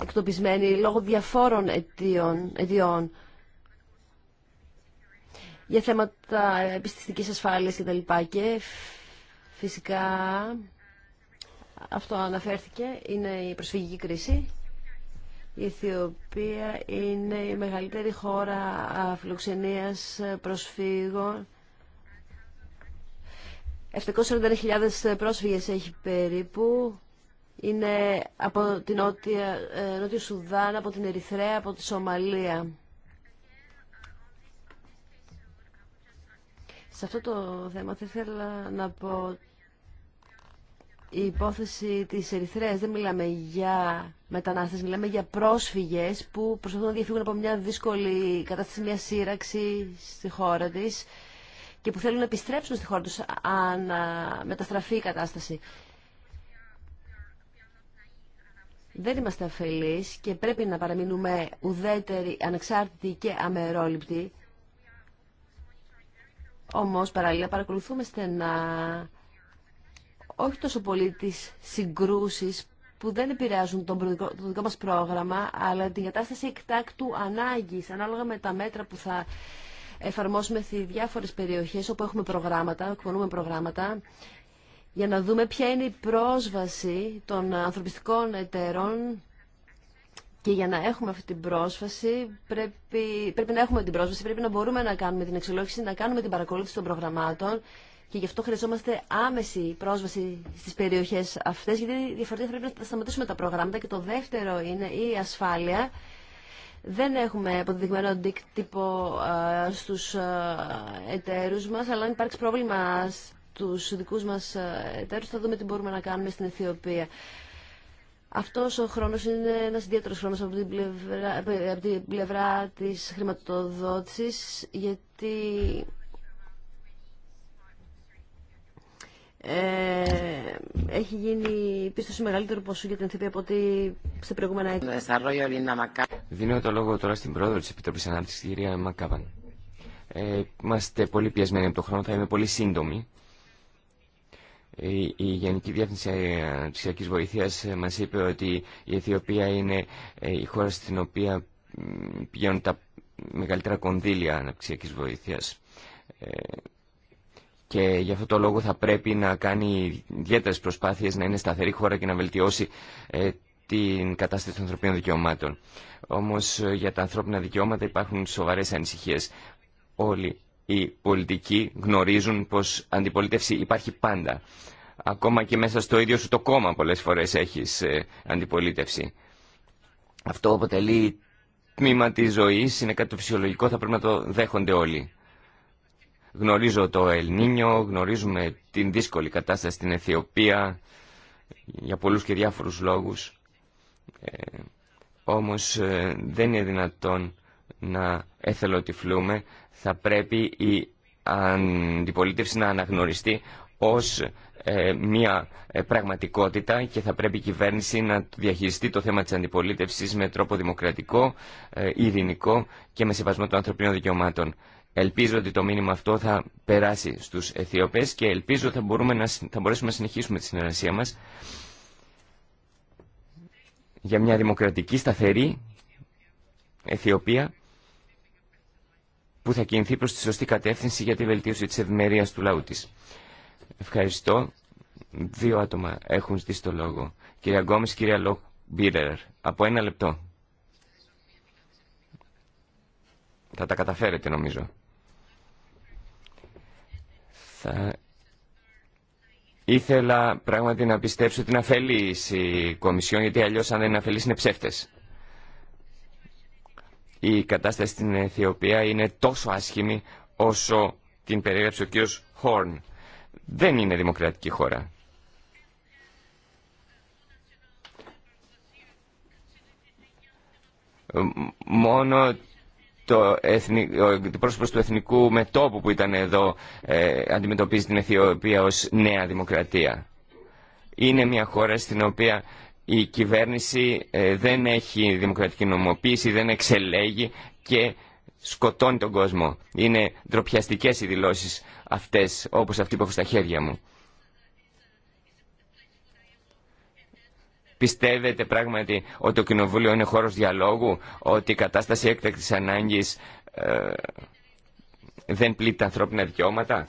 εκτοπισμένοι λόγω διαφόρων αιτιών, αιτιών για θέματα επιστηστικής ασφάλειας κτλ. Και φυσικά αυτό αναφέρθηκε, είναι η προσφυγική κρίση. Η Αιθιοπία είναι η μεγαλύτερη χώρα φιλοξενίας προσφύγων. 741.000 πρόσφυγες έχει περίπου είναι από την Νότια, ε, Νότιο Σουδάν, από την Ερυθρέα, από τη Σομαλία. Σε αυτό το θέμα θα ήθελα να πω η υπόθεση της Ερυθρέας. Δεν μιλάμε για μετανάστες, μιλάμε για πρόσφυγες που προσπαθούν να διαφύγουν από μια δύσκολη κατάσταση, μια σύραξη στη χώρα της και που θέλουν να επιστρέψουν στη χώρα τους αν μεταστραφεί η κατάσταση. Δεν είμαστε αφελείς και πρέπει να παραμείνουμε ουδέτεροι, ανεξάρτητοι και αμερόληπτοι. Όμως παράλληλα παρακολουθούμε στενά όχι τόσο πολύ τις συγκρούσεις που δεν επηρεάζουν το δικό μας πρόγραμμα, αλλά την κατάσταση εκτάκτου ανάγκης, ανάλογα με τα μέτρα που θα εφαρμόσουμε σε διάφορες περιοχές όπου έχουμε προγράμματα, εκπονούμε προγράμματα για να δούμε ποια είναι η πρόσβαση των ανθρωπιστικών εταίρων και για να έχουμε αυτή την πρόσβαση πρέπει, πρέπει να έχουμε την πρόσβαση, πρέπει να μπορούμε να κάνουμε την εξολόγηση, να κάνουμε την παρακολούθηση των προγραμμάτων και γι' αυτό χρειαζόμαστε άμεση πρόσβαση στις περιοχές αυτές γιατί διαφορετικά πρέπει να σταματήσουμε τα προγράμματα και το δεύτερο είναι η ασφάλεια. Δεν έχουμε αποδεικμένο αντίκτυπο ε, στους ε, εταίρους μας, αλλά αν υπάρξει πρόβλημα τους δικούς μας ε, εταίρους, θα δούμε τι μπορούμε να κάνουμε στην Αιθιοπία. Αυτός ο χρόνος είναι ένας ιδιαίτερος χρόνος από την πλευρά, από την πλευρά της χρηματοδότησης, γιατί ε, έχει γίνει πίστοση μεγαλύτερο ποσού για την Αιθιοπία από ό,τι σε προηγούμενα έτη. Δίνω το λόγο τώρα στην πρόεδρο της Επιτροπής Ανάπτυξης, κυρία Μακάβαν. Ε, είμαστε πολύ πιασμένοι από το χρόνο, θα είμαι πολύ σύντομη. Η, Γενική Διεύθυνση ε, Ψηφιακής Βοήθειας ε, μας είπε ότι η Αιθιοπία είναι ε, η χώρα στην οποία πηγαίνουν τα μεγαλύτερα κονδύλια αναπτυξιακής βοήθειας. Και γι' αυτό το λόγο θα πρέπει να κάνει ιδιαίτερε προσπάθειες να είναι σταθερή χώρα και να βελτιώσει την κατάσταση των ανθρωπίνων δικαιωμάτων. Όμως για τα ανθρώπινα δικαιώματα υπάρχουν σοβαρές ανησυχίες. Όλοι οι πολιτικοί γνωρίζουν πως αντιπολίτευση υπάρχει πάντα. Ακόμα και μέσα στο ίδιο σου το κόμμα πολλές φορές έχεις ε, αντιπολίτευση. Αυτό αποτελεί τμήμα της ζωής, είναι κάτι το φυσιολογικό, θα πρέπει να το δέχονται όλοι. Γνωρίζω το Ελνίνιο, γνωρίζουμε την δύσκολη κατάσταση στην Αιθιοπία, για πολλούς και διάφορους λόγους. Ε, όμως ε, δεν είναι δυνατόν να εθελοτυφλούμε θα πρέπει η αντιπολίτευση να αναγνωριστεί ως ε, μια ε, πραγματικότητα και θα πρέπει η κυβέρνηση να διαχειριστεί το θέμα της αντιπολίτευσης με τρόπο δημοκρατικό, ε, ειρηνικό και με σεβασμό των ανθρωπίνων δικαιωμάτων. Ελπίζω ότι το μήνυμα αυτό θα περάσει στους Αιθιοπές και ελπίζω θα, μπορούμε να, θα μπορέσουμε να συνεχίσουμε τη συνεργασία μας για μια δημοκρατική σταθερή Αιθιοπία που θα κινηθεί προς τη σωστή κατεύθυνση για τη βελτίωση της ευημερίας του λαού της. Ευχαριστώ. Δύο άτομα έχουν στήσει το λόγο. Κυρία Γκόμης, κυρία Λόχ Μπίρερ. Από ένα λεπτό. Θα τα καταφέρετε νομίζω. Θα... Ήθελα πράγματι να πιστέψω την αφελής η Κομισιόν, γιατί αλλιώς αν δεν είναι αφελής είναι ψεύτες η κατάσταση στην Αιθιοπία είναι τόσο άσχημη όσο την περιέγραψε ο κ. Χόρν. Δεν είναι δημοκρατική χώρα. Μόνο το, εθνικό, πρόσωπος του εθνικού μετόπου που ήταν εδώ ε, αντιμετωπίζει την Αιθιοπία ως νέα δημοκρατία. Είναι μια χώρα στην οποία η κυβέρνηση ε, δεν έχει δημοκρατική νομοποίηση, δεν εξελέγει και σκοτώνει τον κόσμο. Είναι ντροπιαστικέ οι δηλώσεις αυτές, όπως αυτή που έχω στα χέρια μου. Πιστεύετε πράγματι ότι το Κοινοβούλιο είναι χώρος διαλόγου, ότι η κατάσταση έκτακτης ανάγκης ε, δεν πλήττει τα ανθρώπινα δικαιώματα.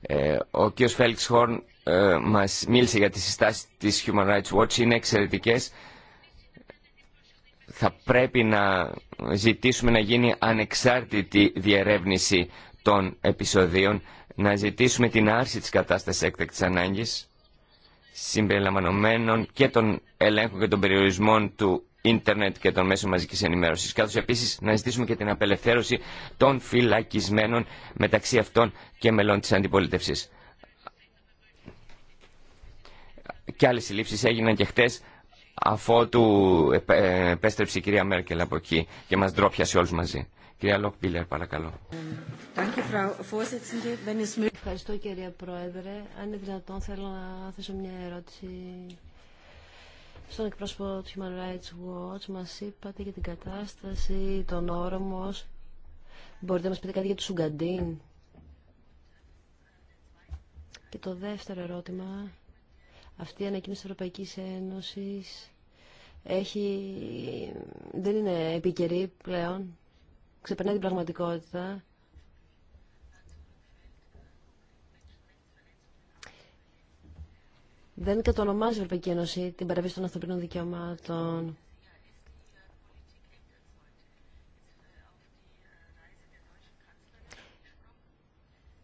Ε, ο κ. Φέλξ Χόρν Μα ε, μας μίλησε για τις συστάσεις της Human Rights Watch είναι εξαιρετικές. Θα πρέπει να ζητήσουμε να γίνει ανεξάρτητη διερεύνηση των επεισοδίων, να ζητήσουμε την άρση της κατάστασης έκτακτης ανάγκης, συμπεριλαμβανομένων και των ελέγχων και των περιορισμών του ίντερνετ και των μέσων μαζικής ενημέρωσης, καθώς επίσης να ζητήσουμε και την απελευθέρωση των φυλακισμένων μεταξύ αυτών και μελών της αντιπολίτευσης και άλλες συλλήψεις έγιναν και χτες αφότου επέστρεψε η κυρία Μέρκελ από εκεί και μας ντρόπιασε όλους μαζί. Κυρία Λοκπίλερ, παρακαλώ. Ευχαριστώ κυρία Πρόεδρε. Αν είναι δυνατόν θέλω να θέσω μια ερώτηση στον εκπρόσωπο του Human Rights Watch. Μας είπατε για την κατάσταση, τον όρομος. Μπορείτε να μας πείτε κάτι για τους Σουγκαντίν. Και το δεύτερο ερώτημα αυτή η ανακοίνωση της Ευρωπαϊκής Ένωσης έχει... δεν είναι επικαιρή πλέον. Ξεπερνάει την πραγματικότητα. Δεν κατονομάζει η Ευρωπαϊκή Ένωση την παραβίαση των ανθρωπίνων δικαιωμάτων.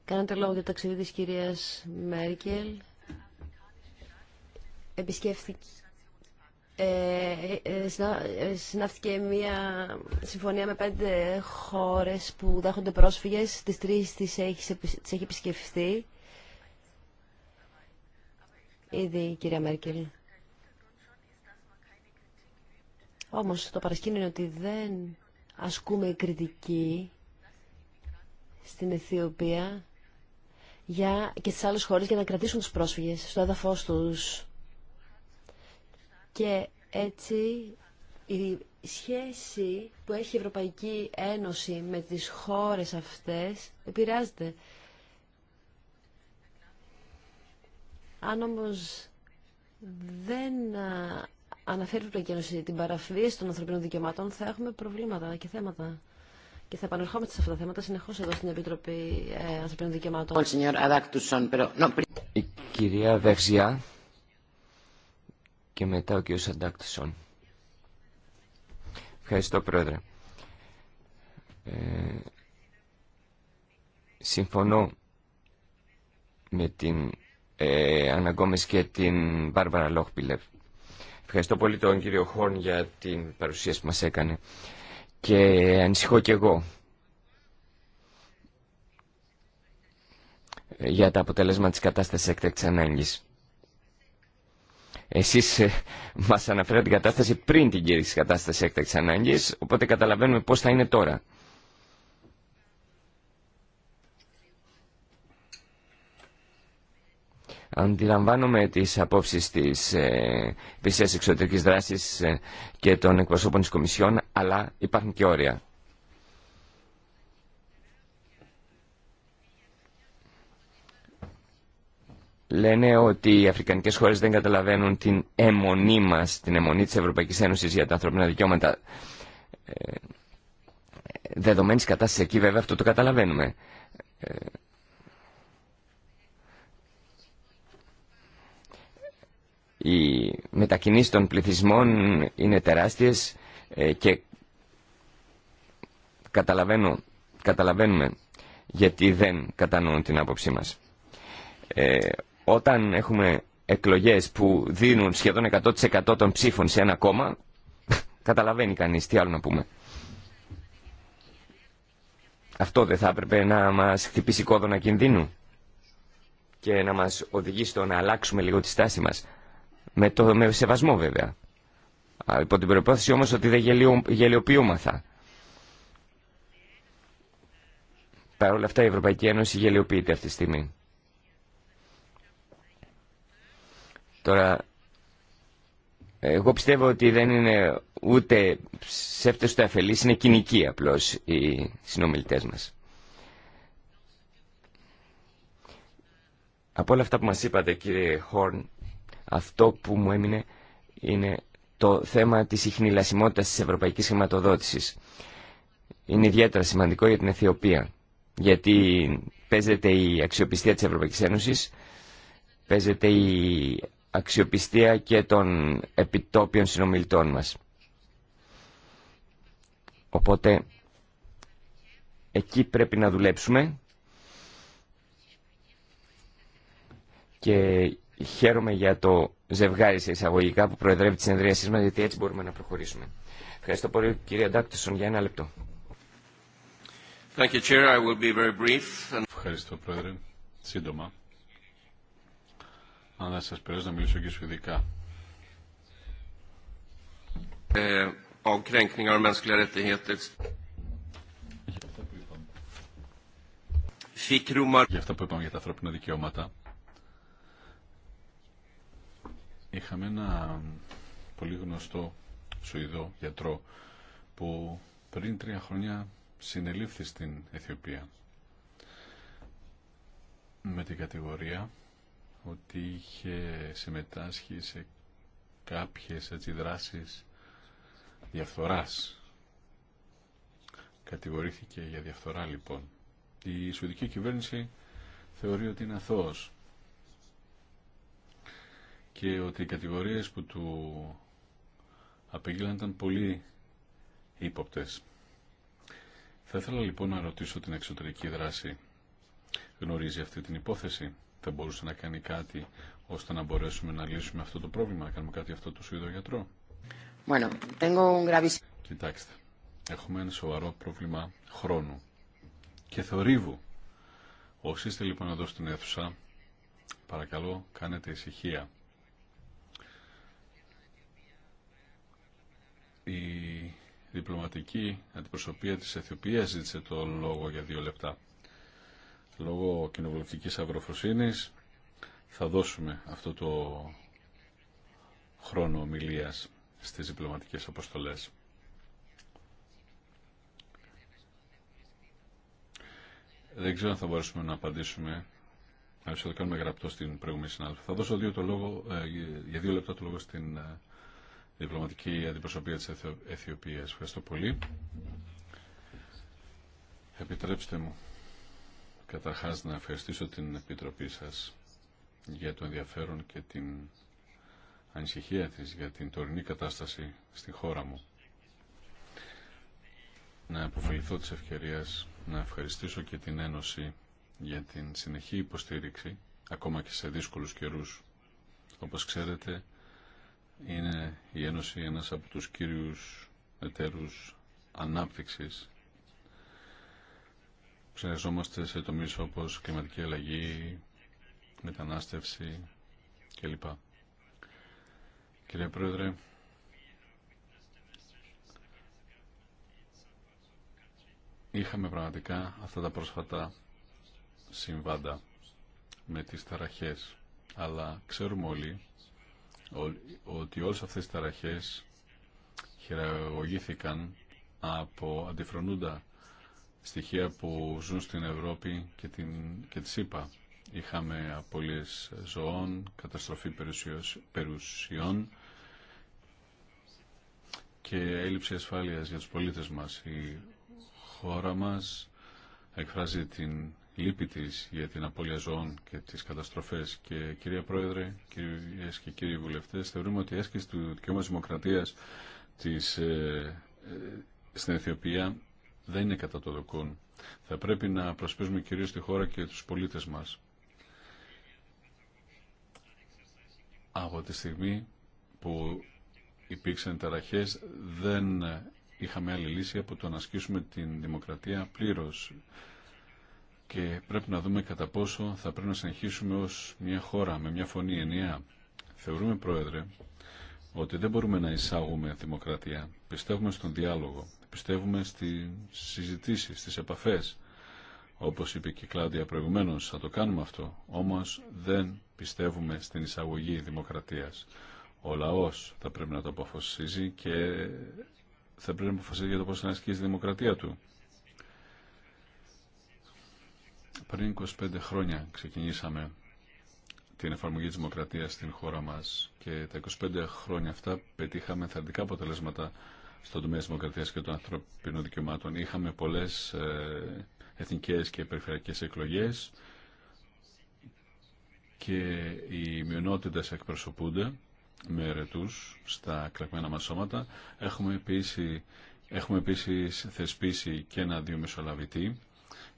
Κάνετε λόγο για το ταξίδι της κυρίας Μέρκελ επισκέφθηκε ε, ε, ε, συνάφθηκε μια συμφωνία με πέντε χώρες που δέχονται πρόσφυγες. Τις τρεις τις έχει, έχει επισκεφθεί. Ήδη η κυρία Μέρκελ. Όμως το παρασκήνιο είναι ότι δεν ασκούμε κριτική στην Αιθιοπία για, και στις άλλες χώρες για να κρατήσουν τους πρόσφυγες στο έδαφος τους. Και έτσι η σχέση που έχει η Ευρωπαϊκή Ένωση με τις χώρες αυτές επηρεάζεται. Αν όμως δεν αναφέρει η Ευρωπαϊκή Ένωση την παραφύση των ανθρωπίνων δικαιωμάτων, θα έχουμε προβλήματα και θέματα. Και θα επανερχόμαστε σε αυτά τα θέματα συνεχώ εδώ στην Επιτροπή ε, Ανθρωπίνων Δικαιωμάτων. κυρία Δεξιά και μετά ο κ. Αντάκτησον. Ευχαριστώ, Πρόεδρε. Ε, συμφωνώ με την ε, και την Βάρβαρα Λόχπιλερ. Ευχαριστώ πολύ τον κύριο Χόρν για την παρουσίαση που μας έκανε. Και ανησυχώ και εγώ για τα αποτελέσματα της κατάστασης έκτακτης ανάγκης. Εσείς ε, μας αναφέρατε την κατάσταση πριν την κήρυξη κατάσταση έκτακτης ανάγκης, οπότε καταλαβαίνουμε πώς θα είναι τώρα. Αντιλαμβάνομαι τις απόψεις της ε, υπηρεσίας εξωτερικής δράσης ε, και των εκπροσώπων της Κομισιόν, αλλά υπάρχουν και όρια. λένε ότι οι αφρικανικές χώρες δεν καταλαβαίνουν την αιμονή μας, την αιμονή της Ευρωπαϊκής Ένωσης για τα ανθρώπινα δικαιώματα. Ε, δεδομένης κατάστασης εκεί βέβαια αυτό το καταλαβαίνουμε. Ε, οι μετακινήσεις των πληθυσμών είναι τεράστιες ε, και καταλαβαίνω, καταλαβαίνουμε γιατί δεν κατανοούν την άποψή μας. Ε, όταν έχουμε εκλογές που δίνουν σχεδόν 100% των ψήφων σε ένα κόμμα, καταλαβαίνει κανείς τι άλλο να πούμε. Αυτό δεν θα έπρεπε να μας χτυπήσει κόδωνα κινδύνου και να μας οδηγήσει στο να αλλάξουμε λίγο τη στάση μας. Με, το, με σεβασμό βέβαια. Υπό την προπόθεση όμως ότι δεν γελιο, γελιοποιούμαθα. Παρ' όλα αυτά η Ευρωπαϊκή Ένωση γελιοποιείται αυτή τη στιγμή. Τώρα, εγώ πιστεύω ότι δεν είναι ούτε ψεύτες ούτε αφελείς, είναι κοινικοί απλώς οι συνομιλητές μας. Από όλα αυτά που μας είπατε κύριε Χόρν, αυτό που μου έμεινε είναι το θέμα της ιχνηλασιμότητας της ευρωπαϊκής χρηματοδότησης. Είναι ιδιαίτερα σημαντικό για την Αιθιοπία, γιατί παίζεται η αξιοπιστία της Ευρωπαϊκής Ένωσης, παίζεται η αξιοπιστία και των επιτόπιων συνομιλητών μας. Οπότε εκεί πρέπει να δουλέψουμε και χαίρομαι για το ζευγάρι σε εισαγωγικά που προεδρεύει τη συνεδρίασή μα, γιατί έτσι μπορούμε να προχωρήσουμε. Ευχαριστώ πολύ, κύριε Ντάκτισον, για ένα λεπτό. Ευχαριστώ, Πρόεδρε. Σύντομα αλλά σας περάσω να μιλήσω και σουηδικά. Ε, για αυτά που είπαμε για τα ανθρώπινα δικαιώματα είχαμε ένα πολύ γνωστό Σουηδό γιατρό που πριν τρία χρόνια συνελήφθη στην Αιθιοπία με την κατηγορία ότι είχε συμμετάσχει σε κάποιες έτσι δράσεις διαφθοράς. Κατηγορήθηκε για διαφθορά λοιπόν. Η Σουηδική κυβέρνηση θεωρεί ότι είναι αθώος και ότι οι κατηγορίες που του απεγγείλαν ήταν πολύ ύποπτες. Θα ήθελα λοιπόν να ρωτήσω την εξωτερική δράση. Γνωρίζει αυτή την υπόθεση δεν μπορούσε να κάνει κάτι ώστε να μπορέσουμε να λύσουμε αυτό το πρόβλημα, να κάνουμε κάτι αυτό το Σουηδό γιατρό. Bueno, tengo un gravísimo. Κοιτάξτε, έχουμε ένα σοβαρό πρόβλημα χρόνου και θορύβου. Όσοι είστε λοιπόν εδώ στην αίθουσα, παρακαλώ κάνετε ησυχία. Η διπλωματική αντιπροσωπεία της Αιθιοπίας ζήτησε το λόγο για δύο λεπτά λόγω κοινοβουλευτικής αγροφροσύνης θα δώσουμε αυτό το χρόνο ομιλίας στις διπλωματικές αποστολές. Δεν ξέρω αν θα μπορέσουμε να απαντήσουμε να το κάνουμε γραπτό στην προηγούμενη συνάδελφα. Θα δώσω δύο το λόγο, ε, για δύο λεπτά το λόγο στην ε, διπλωματική αντιπροσωπεία της Αιθιοπίας. Ευχαριστώ πολύ. Επιτρέψτε μου Καταρχάς να ευχαριστήσω την Επιτροπή σας για το ενδιαφέρον και την ανησυχία της για την τωρινή κατάσταση στη χώρα μου. Να αποφεληθώ της ευκαιρίας να ευχαριστήσω και την Ένωση για την συνεχή υποστήριξη, ακόμα και σε δύσκολους καιρούς. Όπως ξέρετε, είναι η Ένωση ένας από τους κύριους εταίρους ανάπτυξης Συνεργαζόμαστε σε τομείς όπως κλιματική αλλαγή, μετανάστευση κλπ. Κύριε Πρόεδρε, είχαμε πραγματικά αυτά τα πρόσφατα συμβάντα με τις ταραχές, αλλά ξέρουμε όλοι ότι όλες αυτές οι ταραχές χειραγωγήθηκαν από αντιφρονούντα στοιχεία που ζουν στην Ευρώπη και, την, και τη ΣΥΠΑ. Είχαμε απολύες ζωών, καταστροφή περιουσιών και έλλειψη ασφάλειας για τους πολίτες μας. Η χώρα μας εκφράζει την λύπη της για την απώλεια ζωών και τις καταστροφές. Και κυρία Πρόεδρε, κυρίες και κύριοι βουλευτές, θεωρούμε ότι η άσκηση του δικαιώματος δημοκρατίας της, ε, ε, στην Αιθιοπία δεν είναι κατά το δοκούν. Θα πρέπει να προσπίζουμε κυρίως τη χώρα και τους πολίτες μας. Από τη στιγμή που υπήρξαν ταραχές δεν είχαμε άλλη λύση από το να ασκήσουμε την δημοκρατία πλήρως και πρέπει να δούμε κατά πόσο θα πρέπει να συνεχίσουμε ως μια χώρα με μια φωνή ενιαία. Θεωρούμε, Πρόεδρε, ότι δεν μπορούμε να εισάγουμε δημοκρατία. Πιστεύουμε στον διάλογο πιστεύουμε στις συζητήσεις, στις επαφές. Όπως είπε και η Κλάντια προηγουμένως, θα το κάνουμε αυτό. Όμως δεν πιστεύουμε στην εισαγωγή δημοκρατίας. Ο λαός θα πρέπει να το αποφασίζει και θα πρέπει να αποφασίζει για το πώς θα ασκήσει η δημοκρατία του. Πριν 25 χρόνια ξεκινήσαμε την εφαρμογή της δημοκρατίας στην χώρα μας και τα 25 χρόνια αυτά πετύχαμε θετικά αποτελέσματα στον τομέα τη δημοκρατία και των ανθρωπίνων δικαιωμάτων. Είχαμε πολλέ ε, εθνικέ και περιφερειακέ εκλογέ και οι μειονότητε εκπροσωπούνται με ρετούς στα κλακμένα μα σώματα. Έχουμε επίση έχουμε επίσης θεσπίσει και ένα δύο μεσολαβητή.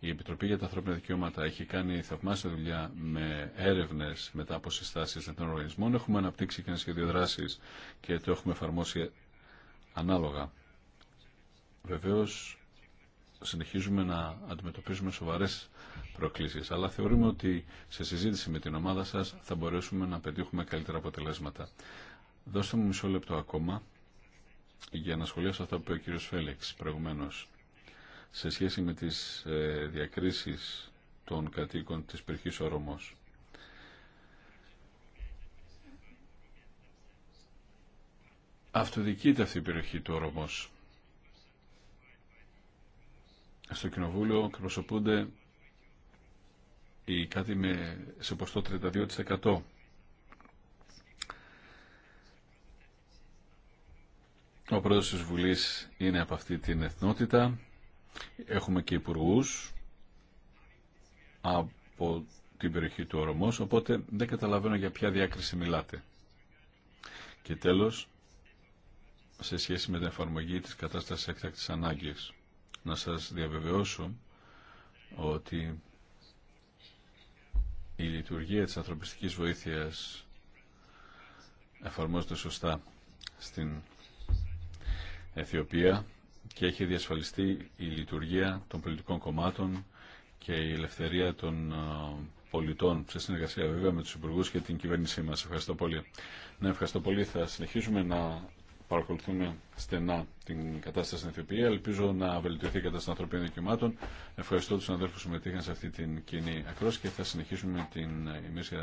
Η Επιτροπή για τα Ανθρώπινα Δικαιώματα έχει κάνει θαυμάσια δουλειά με έρευνε μετά από συστάσει των οργανισμών. Έχουμε αναπτύξει και ένα σχέδιο δράση και το έχουμε εφαρμόσει ανάλογα. Βεβαίως συνεχίζουμε να αντιμετωπίζουμε σοβαρές προκλήσεις, αλλά θεωρούμε ότι σε συζήτηση με την ομάδα σας θα μπορέσουμε να πετύχουμε καλύτερα αποτελέσματα. Δώστε μου μισό λεπτό ακόμα για να σχολιάσω αυτά που είπε ο κύριος Φέλεξ προηγουμένως σε σχέση με τις ε, διακρίσεις των κατοίκων της περιοχής Ορομός. Αυτοδικείται αυτή η περιοχή του Ορομός. Στο κοινοβούλιο εκπροσωπούνται οι κάτι με, σε ποστό 32%. Ο πρόεδρος της Βουλής είναι από αυτή την εθνότητα. Έχουμε και υπουργού από την περιοχή του Ορομός, οπότε δεν καταλαβαίνω για ποια διάκριση μιλάτε. Και τέλος, σε σχέση με την εφαρμογή της κατάστασης έκτακτης ανάγκης. Να σας διαβεβαιώσω ότι η λειτουργία της ανθρωπιστικής βοήθειας εφαρμόζεται σωστά στην Αιθιοπία και έχει διασφαλιστεί η λειτουργία των πολιτικών κομμάτων και η ελευθερία των ε, πολιτών σε συνεργασία βέβαια με τους υπουργούς και την κυβέρνησή μας. Ευχαριστώ πολύ. Ναι, ευχαριστώ πολύ. Θα συνεχίσουμε να παρακολουθούμε στενά την κατάσταση στην Αιθιοπία. Ελπίζω να βελτιωθεί η κατάσταση των ανθρωπίνων δικαιωμάτων. Ευχαριστώ του συναδέλφου που συμμετείχαν σε αυτή την κοινή ακρόση και θα συνεχίσουμε την ε, ημέρα.